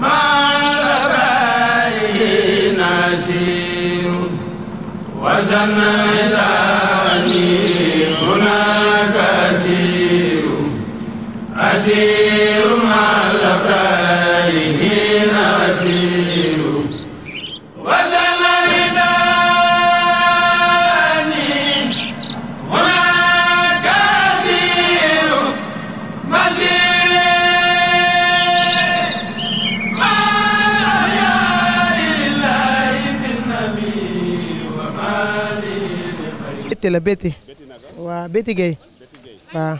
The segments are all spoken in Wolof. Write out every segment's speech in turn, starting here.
ما la Betty waa Betty Gueye waaw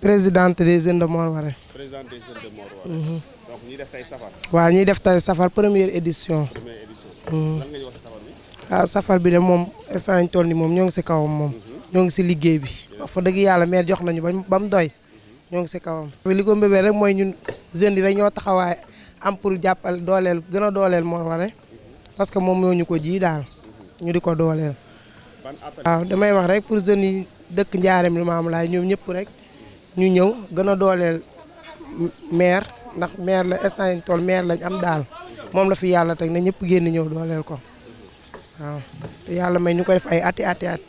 présidente des jeunes de Morware. présidente des de Morware. Mhm. donc ñuy def tey safar. waaw ñuy def tey safar première édition. première mhm. safar bi. ah de moom instant ñu toll nii moom ñoo ngi si kawam moom. Mhm. ñoo ngi si liggéey bi. wax dëgg yàlla mais jox nañu ba mu doy. ñoo ngi si kawam. li ko mbébee rek mooy ñun jeune yi rek ñoo taxawaay am pour jàppal dooleel gën a dooleel Morware parce que moom ñoo ñu ko ji daal ñu di ko dooleel. waaw damay wax rek pour jeunes yi dëkk Njaareem Limaamu Laay ñoom ñëpp rek ñu ñëw gën a dooleel maire ndax maire la instant tool toll lañ am daal moom la fi yàlla teg na ñëpp génn ñëw dooleel ko waaw te yàlla may ñu ko def ay ati ati at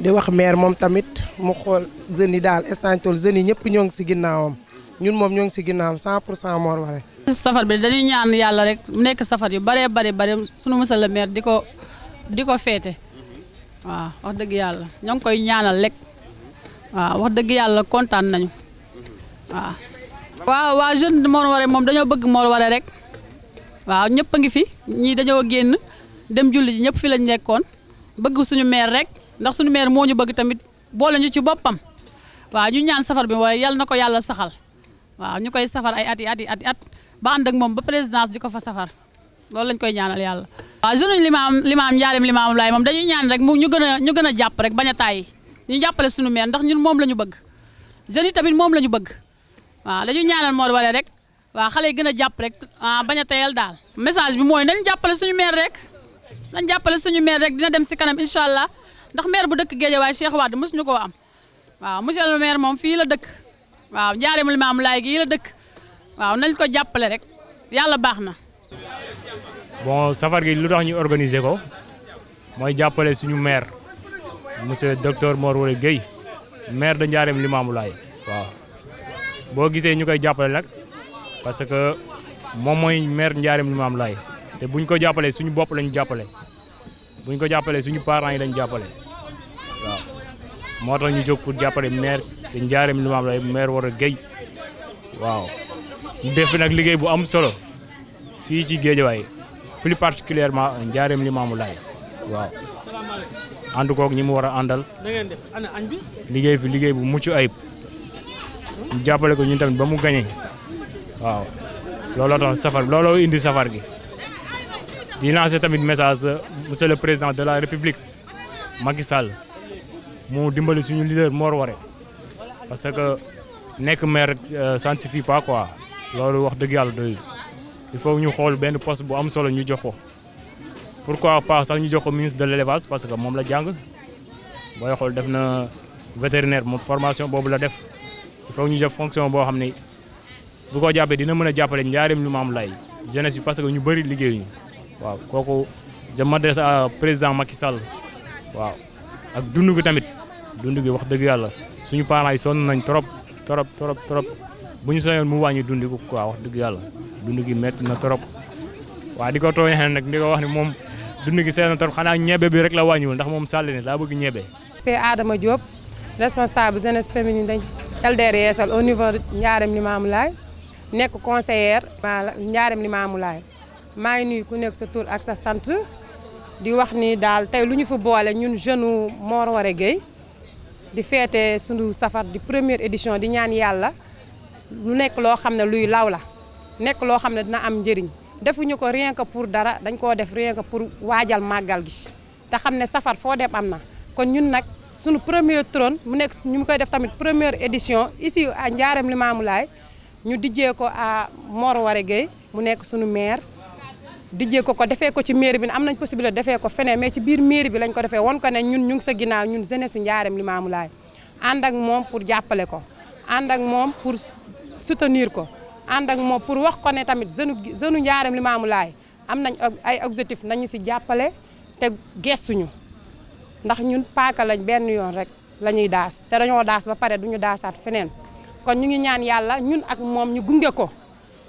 di wax maire moom tamit mu xool jeunes yi daal instant yiñ toll jeunes yi ñëpp ñoo ngi si ginnaawam ñun moom ñoo ngi si ginnaawam 100 pour 100 Mor Waré safar bi dañuy ñaan yàlla rek mu nekk safar yu baree bari bari sunu monsieur le maire di ko di ko féete waa wax dëgg yàlla ñoo ngi koy ñaanal lekk waaw wax dëgg yàlla kontaan nañu waaw. waaw waa jeune Mor Waré moom dañoo bëgg Mor Waré rek waaw ñëpp a ngi fi ñii dañoo génn dem julli ji ñëpp fi lañ nekkoon bëgg suñu meer rek ndax suñu maire moo ñu bëgg tamit boole ñu ci boppam waa ñu ñaan safar bi waaye yal na ko yàlla saxal waaw ñu koy safar ay at yi at yi at at ba ànd ak moom ba présidence di ko fa safar. loolu lañ koy ñaanal yàlla waaw journée limaam limaam njaarim limaam laay moom dañuy ñaan rek mu ñu gën a ñu gën a jàpp rek bañ ñu jàppale suñu meer ndax ñun moom la ñu bëgg jeunes yi tamit moom la ñu bëgg waaw dañuy ñaanal Mor Wale rek waaw xale yi gën a jàpp rek ah, bañ a tayal daal message bi mooy nañ jàppale suñu meer rek nañ jàppale suñu meer rek dina dem si kanam incha allah ndax meer bu dëkk a Géejawaay Cheikh Wade mosuñu ko am waaw monsieur le maire moom fii la dëkk waaw njaarim limaam laay gii la dëkk waaw nañ ko jàppale rek yàlla baax na bon safar gi lu tax ñu organise ko mooy jàppale suñu maire monsieur docteur Mor Wole Guèye maire de Ndiarème Limamoulaye waaw boo gisee ñu koy jàppale nag parce que moom mooy maire Ndiarème lay te buñ ko jàppalee suñu bopp lañu jàppale buñ ko jàppale suñu parents yi lañu jàppale waaw moo tax ñu jóg pour jàppale maire de Ndiarème Limamoulaye maire Wole Guèye waaw mu def nag liggéey bu am solo. fii ci Géejawaay plus particulièrement njaareem Limaamu Laay waaw ànd koog ñi mu war a àndal liggéey fi liggéey bu mucc ayib ñu hmm? jàppale ko ñun tamit ba mu gañe waaw looloo tax safar looloo indi safar gi di lancer tamit message euh, monsieur le président de la république Macky Sall mu dimbali suñu leader Mor Waré parce que nekk maire ça ne suffit loolu wax dëgg yàlla doyul il faut ñu xool benn poste bu am solo ñu jox ko pour pourquoi pas sax ñu jox ko ministre de l'élevage parce que moom la jàng booy xool def na vétérinaire moom formation boobu la def il faut ñu def fonction boo xam ne bu ko jàppee dina mën a jàppale njaareem lu ma am lay jeunesse bi parce que ñu bëri liggéeyuñu waaw kooku je m'adresse à président Macky Sall waaw ak dund gi tamit dund gi wax dëgg yàlla suñu parents yi sonn nañ trop trop trop trop bu ñu sañoon mu wàññi dund ko dëgg yàlla dund gi na trop waaw di ko tooñee nag di ko wax ne moom dund gi seen na trop xanaa ñebe bi rek la wàññiwul ndax moom sàll ne daa bëgg ñebe. c'est Adama Diop responsable jeunesse féminine dañ Calder Yeesal au niveau Ndiarème Limamoulaye nekk conseillère Ndiarème Limamoulaye maa ngi nuyu ku nekk sa tur ak sa sant di wax ni daal tey lu ñu fi boole ñun moo Mor Waré Gueye di feete sunu safar di premier édition di ñaan yàlla. lu nekk loo xam ne luy law la nekk loo xam ne dina am njëriñ defuñu ko rien que pour dara dañ koo def rien que pour waajal màggal gi te xam ne safar foo dem am na kon ñun nag suñu premier trône mu nekk ñu koy def tamit première édition ici à Ndiarème Limamoulaye ñu dijjee ko à Mor Waré Gueye mu nekk suñu maire dijjee ko ko defee ko ci mairie bi am nañ possibilité defee ko feneen mais ci biir mairie bi lañ ko defee won ko ne ñun ñu ngi sa ginnaaw ñun jeunesse su Ndiarème Limamoulaye ànd ak moom pour jàppale ko ànd ak moom pour soutenir ko ànd ak moom pour wax ko ne tamit jeune jeune njaaram li maamu laay am nañ ay objectif nañu si jàppale te gestuñu ndax ñun paaka lañ benn yoon rek la ñuy daas te dañoo daas ba pare du ñu daasaat feneen kon ñu ngi ñaan yàlla ñun ak moom ñu gunge ko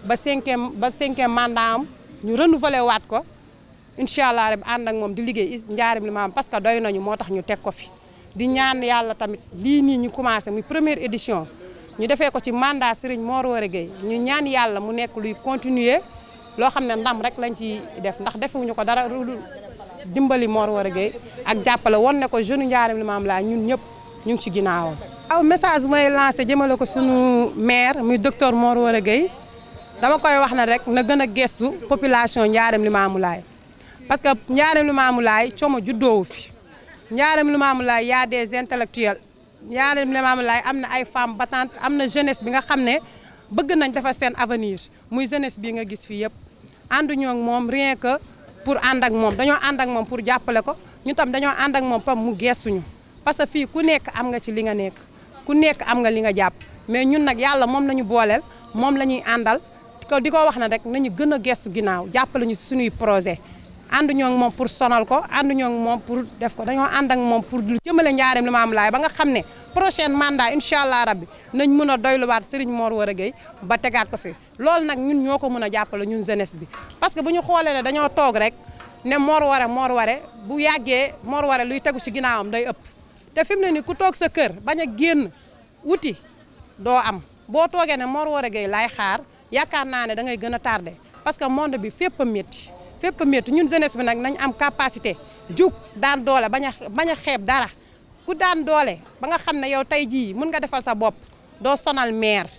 ba cinquième ba cinquième mandat am ñu renouveler waat ko incha allah rek ànd ak moom di liggéey njaaram li maamu parce que doy nañu moo tax ñu teg ko fi di ñaan yàlla tamit lii nii ñu commencé muy première édition ñu defee ko ci mandat Serigne Mor Woré ñu ñaan yàlla mu nekk luy continuer loo xam ne ndam rek lañ ci def ndax defuñu ko dara dimbali Mor Woré Gueye ak jàppale woon ne ko jeune Ndiarème Limamoulaye ñun ñëpp ñu ngi ci ginnaawam. aw message bu may lancé jëmale ko sunu maire muy docteur Mor Woré Gueye dama koy wax ne rek na gën a gestu population Ndiarème Limamoulaye parce que lu Ndiarème Limamoulaye coomo juddoowu fi Ndiarème Limamoulaye y a des intellectuels Yandem Limamoulaye am na ay femmes battantes am na jeunesse bi nga xam ne bëgg nañ defar seen avenir muy jeunesse bii nga gis fii yëpp ànduñoo ak moom rien que pour ànd ak moom dañoo ànd ak moom pour jàppale ko ñu tam dañoo ànd ak moom pam mu gestuñu parce que fii ku nekk am nga ci li nga nekk ku nekk am nga li nga jàpp mais ñun nag yàlla moom la booleel moom la ñuy àndal ko di ko wax na rek nañu gën a geestu ginnaaw jàppale ñu si suñuy projet ànduñoo ak moom pour sonal ko ànduñoo ak moom pour def ko dañoo ànd ak moom pour jëmale njaareem li ma am laay ba nga xam ne prochaine mandat incha allah rab bi nañ mun a doyluwaat Serigne Mor Wara Gueye ba tegaat ko fi loolu nag ñun ñoo ko mën a jàppale ñun jeunesse bi parce que bu ñu xoolee ne dañoo toog rek ne Mor Wara moor ware bu yàggee moor ware luy tegu ci ginnaawam day ëpp te fi mu ne nii ku toog sa kër bañ a génn wuti doo am boo toogee ne Mor Wara Gueye laay xaar yaakaar naa ne da gën a tardé parce que monde bi fépp a métti fépp a métti ñun jeunesse bi nag nañ am capacité jug daan doole bañ a bañ a xeeb dara ku daan doole ba nga xam ne yow tey jii mën nga defal sa bopp doo sonal maire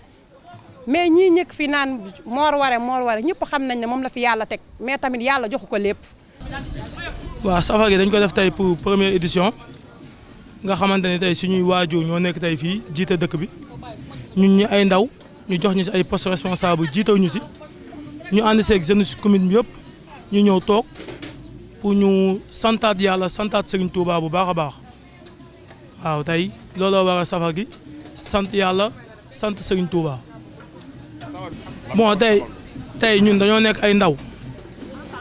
mais ñii ñëkk fi naan moor ware moor ware ñëpp xam nañ ne moom la fi yàlla teg mais tamit yàlla joxu ko lépp. waaw safar gi dañ ko def tey pour première édition nga xamante ne tey suñuy waajur ñoo nekk tey fii jiite dëkk bi ñun ñi ay ndaw ñu jox ñu si ay poste responsable jiitaw ñu si ñu ànd seeg jeunes commune yëpp. ñu ñëw toog pour ñu santaat yàlla santaat Serigne Touba bu baax a baax waaw tey looloo war a safar gi sant yàlla sant Serigne Touba bon tey tey ñun dañoo nekk ay ndaw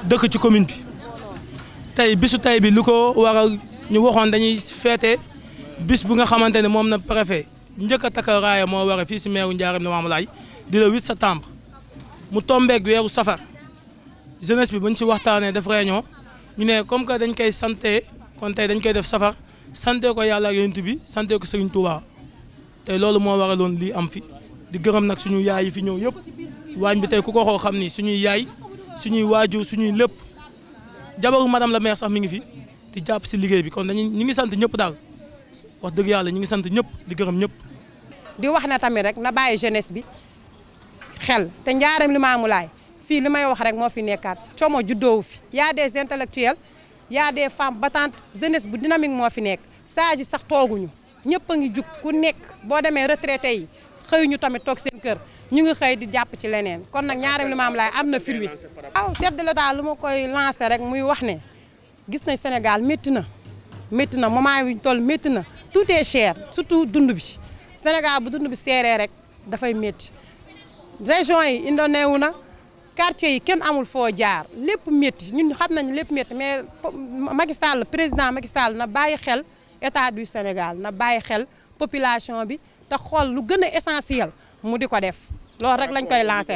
dëkk ci commune bi tey bisu tey bi lu ko waral ñu waxoon dañuy feete bis bu nga xamante ne moom na préfet njëkk a raaya moo war fii si meeru Ndiarème Limamoulaye di le 8 septembre mu tombeeg weeru safar jeunesse bi buñ si waxtaanee def réunion ñu ne comme que dañ koy santé kon tey dañ koy def safar santé ko yàlla ak bi santé ko Serigne Touba tey loolu moo waraloon lii am fi di gërëm nag suñu yaay yi fi ñëw yëpp waañ bi tey ku ko xoo xam ni suñuy yaay suñuy waajur suñuy lépp jabaru madame la maire sax mi ngi fi di jàpp si liggéey bi kon dañu ñu ngi sant ñëpp daal wax dëgg yàlla ñu ngi sant ñëpp di gërëm ñëpp. di wax na tamit rek na bàyyi jeunesse bi xel te njaaram li maamu fii li may wax rek moo fi nekkaat como juddoowu fi yaa des intellectuels y des femmes battantes jeunesse bu dynamique moo fi nekk saa ji sax tooguñu ñëpp a ngi jug ku nekk boo demee retraité yi xëyuñu tamit toog seen kër ñu ngi xëy di jàpp ci leneen kon nag ñaareelu maam laay am na firwi waaw chef de lu ma koy lancé rek muy wax ne gis nañ Sénégal métti na métti na moment wi ñu toll métti na tout est cher surtout dund bi Sénégal bu dund bi seeree rek dafay métti région yi indonee wu na quartier yi kenn amul foo jaar lépp metti ñun xam nañu lépp métti mais Macky Sall président Macky Sall na bàyyi xel état du Sénégal na bàyyi xel population bi te xool lu gën a essentiel mu di ko def loolu rek lañ koy lancé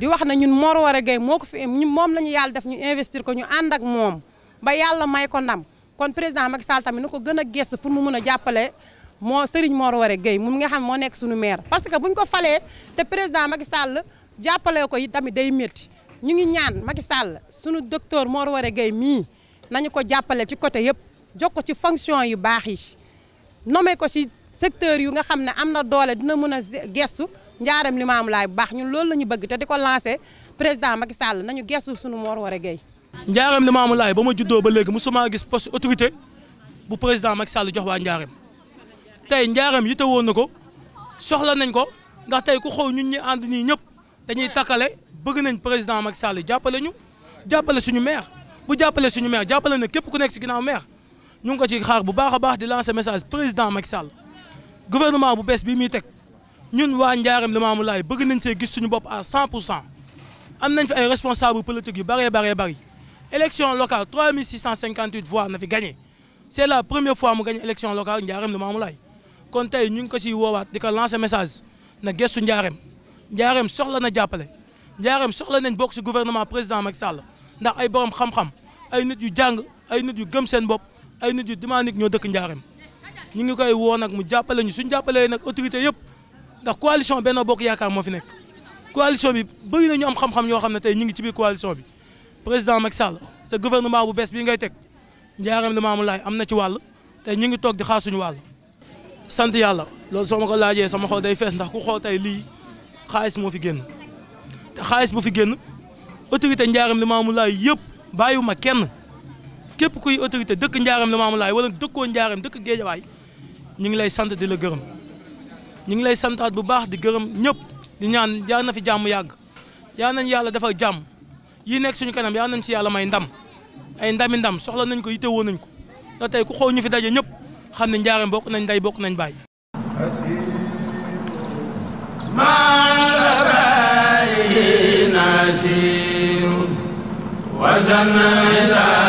di wax na ñun Mor a géey moo ko fi ñun moom lañu yàlla def ñu investir ko ñu ànd ak moom ba yàlla may ko nam kon président Macky Sall tamit na ko gën a gëstu pour mu mun a jàppale moo Serigne Mor Waré géey mu nga xam moo nekk suñu maire parce que buñ ko falee te président Macky Sall jàppale ko yi tamit day metti ñu ngi ñaan Macky Sall sunu docteur Mor Waré Gueye mii nañu ko jàppale ci côté yëpp jox ko ci fonction yu baax yi nommé ko ci secteur yu nga xam ne am na doole dina mën a gestu njaaram limaamu laay bu baax ñun loolu la ñu bëgg te di ko lancé président Macky Sall nañu gestu sunu Mor Waré Gueye njaaram limaamu laay ba ma juddoo ba léegi musuma gis poste autorité bu président Macky Sall jox waa njaaram tey njaaram yite woon na ko soxla nañ ko ndax tey ku xool ñun ànd nii ñëpp dañuy takkale bëgg nañ président Macky Sall jàppale ñu jàppale suñu maire bu jàppale suñu maire jàppale na képp ku nekk si ginnaaw maire ñu ngi ko ci xaar bu baax a baax di lancer message président Macky Sall gouvernement bu bees bii muy teg ñun waa Ndiarème lay bëgg nañ see gis suñu bopp à 100 pour cent am nañ fi ay responsable politique yu bare bëree bëri élection locale 3658 voix na fi gagné c' est la première fois mu gagné élection locale Ndiarème Limamoulaye kon tey ñu ngi ko siy woowaat di ko lancer message na gëstu Ndiarème njaareem soxla na jàppale njaareem soxla nañ bokk si gouvernement président Macky Sall ndax ay borom xam-xam ay nit yu jàng ay nit yu gëm seen bopp ay nit yu dynamique ñoo dëkk njaareem ñu ngi koy woo nag mu jàppale ñu suñu jàppalee nag autorité yëpp ndax coalition Benno Bokk Yaakaar moo fi nekk coalition bi bëri na ñu am xam-xam yoo xam ne tey ñu ngi ci biir coalition bi président Macky Sall sa gouvernement bu bees bii ngay teg njaareem li maamu laay am na ci wàll te ñu ngi toog di xaar sant yàlla loolu soo ma ko laajee sama xol day ndax ku tey lii xaalis moo fi génn te xaalis bu fi génn autorité njaaram limaamu laay yëpp bàyyiwuma kenn képp kuy autorité dëkk njaaram limaamu laay wala dëkkoo njaaram dëkk géejawaay ñu ngi lay sant di la gërëm ñu ngi lay santaat bu baax di gërëm ñëpp di ñaan yaa na fi jàmm yàgg yaa nañ yàlla dafa jàmm yi nekk suñu kanam yaa nañ si yàlla may ndam ay ndami ndam soxla nañ ko yittewoo nañ ko ndax tey ku xoo ñu fi daje ñëpp xam ne njaaram bokk nañ day bokk nañ bàyyi وجنة